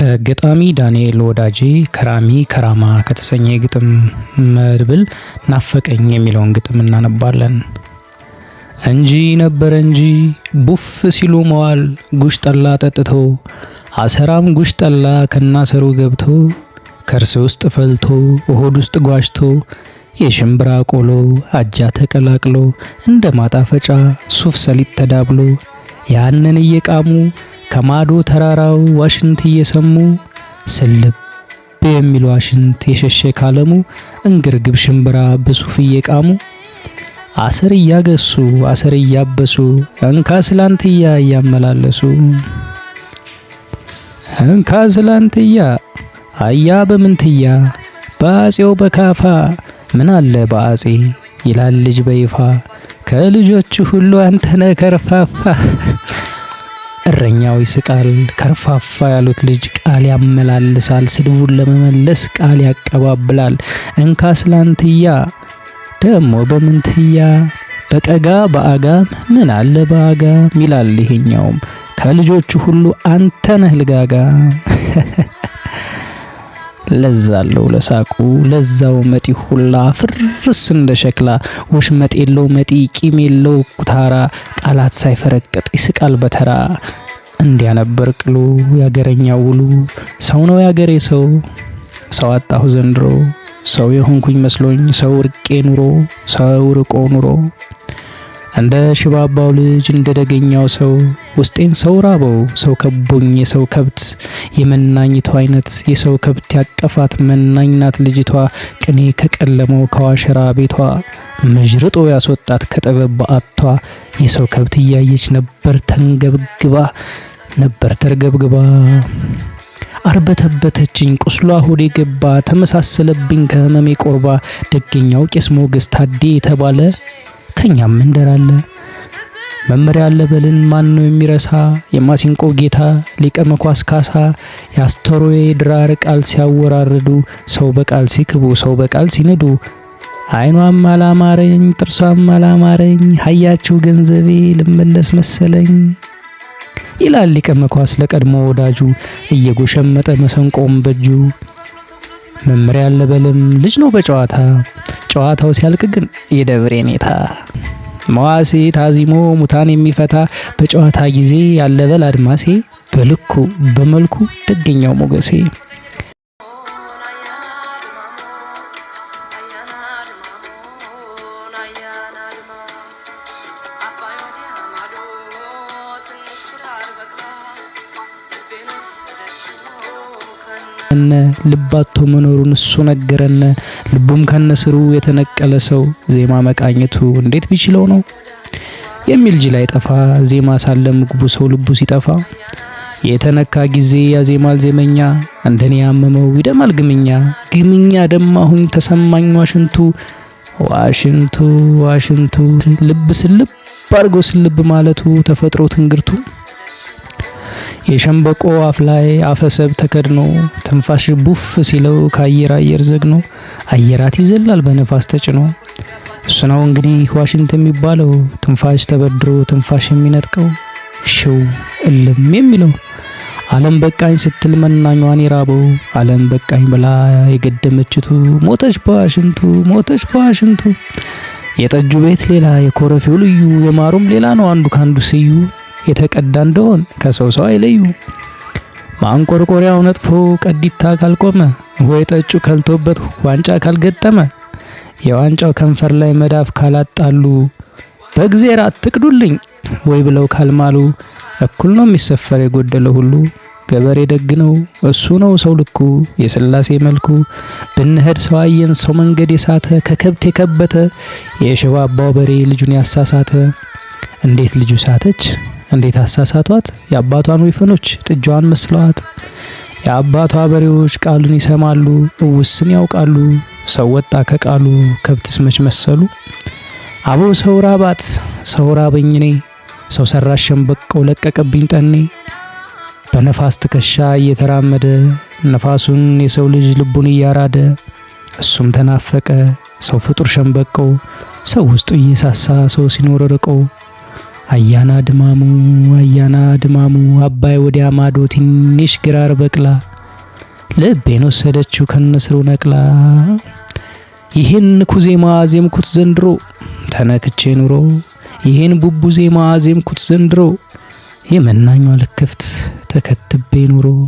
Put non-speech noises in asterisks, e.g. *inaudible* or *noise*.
ከገጣሚ ዳንኤል ወዳጄ ከራሚ ከራማ ከተሰኘ የግጥም መድብል ናፈቀኝ የሚለውን ግጥም እናነባለን። እንጂ ነበረ እንጂ ቡፍ ሲሉ መዋል ጉሽ ጠላ ጠጥቶ አሰራም ጉሽ ጠላ ከናሰሩ ገብቶ ከርስ ውስጥ ፈልቶ እሆድ ውስጥ ጓሽቶ የሽምብራ ቆሎ አጃ ተቀላቅሎ እንደ ማጣፈጫ ሱፍ ሰሊጥ ተዳብሎ ያንን እየቃሙ ከማዶ ተራራው ዋሽንት እየሰሙ ስልብ የሚል ዋሽንት የሸሸ ካለሙ እንግርግብ ሽምብራ በሱፍ እየቃሙ አሰር እያገሱ አሰር እያበሱ እንካ ስላንትያ እያመላለሱ እንካ ስላንትያ አያ በምንትያ በአፄው በካፋ ምን አለ በአፄ ይላል ልጅ በይፋ ከልጆቹ ሁሉ አንተነ ከርፋፋ እረኛው ይስቃል፣ ከርፋፋ ያሉት ልጅ ቃል ያመላልሳል፣ ስድቡን ለመመለስ ቃል ያቀባብላል። እንካ ስላንትያ ደግሞ በምንትያ በቀጋ በአጋም ምን አለ በአጋም ይላል ይሄኛውም ከልጆቹ ሁሉ አንተ ነህ ልጋጋ። *laughs* ለዛለው ለሳቁ ለዛው መጢ ሁላ ፍርስ እንደ ሸክላ ወሽመጥ የለው መጢ ቂም የለው ኩታራ ቃላት ሳይፈረቅጥ ይስቃል በተራ። እንዲያ ነበር ቅሉ ያገረኛ ውሉ ሰው ነው ያገሬ ሰው ሰው አጣሁ ዘንድሮ ሰው የሆንኩኝ መስሎኝ ሰው ርቄ ኑሮ ሰው ርቆ ኑሮ እንደ ሽባባው ልጅ እንደ ደገኛው ሰው ውስጤን ሰው ራበው ሰው ከቦኝ የሰው ከብት የመናኝቷ አይነት የሰው ከብት ያቀፋት መናኝናት ልጅቷ ቅኔ ከቀለመው ከዋሽራ ቤቷ ምዥርጦ ያስወጣት ከጥበብ በአቷ የሰው ከብት እያየች ነበር ተንገብግባ ነበር ተርገብግባ አርበተበተችኝ ቁስሏ ሆዴ ገባ ተመሳሰለብኝ ከህመሜ ቆርባ ደገኛው ቄስ ሞገስ ታዴ የተባለ ከኛም መንደር አለ መመሪያ አለ በልን ማን ነው የሚረሳ? የማሲንቆ ጌታ ሊቀ መኳስ ካሳ የአስተሮዬ ድራር ቃል ሲያወራርዱ ሰው በቃል ሲክቡ ሰው በቃል ሲንዱ አይኗም አላማረኝ ጥርሷም አላማረኝ ሀያችሁ ገንዘቤ ልመለስ መሰለኝ ይላል ሊቀ መኳስ ለቀድሞ ወዳጁ እየጎሸመጠ መሰንቆም በእጁ መምሪያ አለበልም ልጅ ነው በጨዋታ ጨዋታው ሲያልቅ ግን የደብሬ ኔታ መዋሴ ታዚሞ ሙታን የሚፈታ በጨዋታ ጊዜ ያለበል አድማሴ በልኩ በመልኩ ደገኛው ሞገሴ ከነ ልባቶ መኖሩን እሱ ነገረነ ልቡም ከነስሩ የተነቀለ ሰው ዜማ መቃኘቱ እንዴት ቢችለው ነው የሚል ጅል አይጠፋ። ዜማ ሳለ ምግቡ ሰው ልቡ ሲጠፋ የተነካ ጊዜ ያዜማል ዜመኛ። እንደኔ ያመመው ይደማል ግምኛ ግምኛ ደማሁኝ ተሰማኝ ዋሽንቱ ዋሽንቱ ዋሽንቱ ልብ ስልብ አድርጎ ስልብ ማለቱ ተፈጥሮ ትንግርቱ የሸምበቆ አፍ ላይ አፈሰብ ተከድኖ ትንፋሽ ቡፍ ሲለው ከአየር አየር ዘግኖ አየራት ይዘላል በነፋስ ተጭኖ። እሱ ነው እንግዲህ ዋሽንት የሚባለው ትንፋሽ ተበድሮ ትንፋሽ የሚነጥቀው ሽው እልም የሚለው ዓለም በቃኝ ስትል መናኟን የራበው ዓለም በቃኝ ብላ የገደመችቱ ሞተች በዋሽንቱ ሞተች በዋሽንቱ። የጠጁ ቤት ሌላ የኮረፊው ልዩ የማሩም ሌላ ነው አንዱ ካንዱ ስዩ የተቀዳ እንደሆን ከሰው ሰው አይለዩ። ማንቆርቆሪያው ነጥፎ ቀዲታ ካልቆመ፣ ወይ ጠጩ ከልቶበት ዋንጫ ካልገጠመ፣ የዋንጫው ከንፈር ላይ መዳፍ ካላጣሉ፣ በእግዜር አትቅዱልኝ ወይ ብለው ካልማሉ፣ እኩል ነው የሚሰፈር የጎደለ ሁሉ። ገበሬ ደግ ነው እሱ ነው ሰው ልኩ የስላሴ መልኩ። ብንሄድ ሰው አየን ሰው መንገድ የሳተ ከከብት የከበተ የሽባ አባው በሬ ልጁን ያሳሳተ እንዴት ልጁ ሳተች እንዴት አሳሳቷት! የአባቷን ወይፈኖች ጥጃዋን መስለዋት። የአባቷ በሬዎች ቃሉን ይሰማሉ፣ እውስን ያውቃሉ። ሰው ወጣ ከቃሉ ከብትስ መች መሰሉ። አቦ ሰው ራባት፣ ሰው ራበኝ እኔ፣ ሰው ሰራሽ ሸምበቆ ለቀቀብኝ ጠኔ። በነፋስ ትከሻ እየተራመደ ነፋሱን የሰው ልጅ ልቡን እያራደ እሱም ተናፈቀ ሰው ፍጡር ሸምበቆ ሰው ውስጡ እየሳሳ ሰው ሲኖር ርቆ አያና ድማሙ አያና ድማሙ አባይ ወዲያ ማዶ ትንሽ ግራር በቅላ ልቤን ወሰደችው ከነስሩ ነቅላ ይህን ኩዜማ አዜምኩት ዘንድሮ ተነክቼ ኑሮ ይህን ቡቡ ዜማ አዜምኩት ዘንድሮ የመናኛ ልክፍት ተከትቤ ኑሮ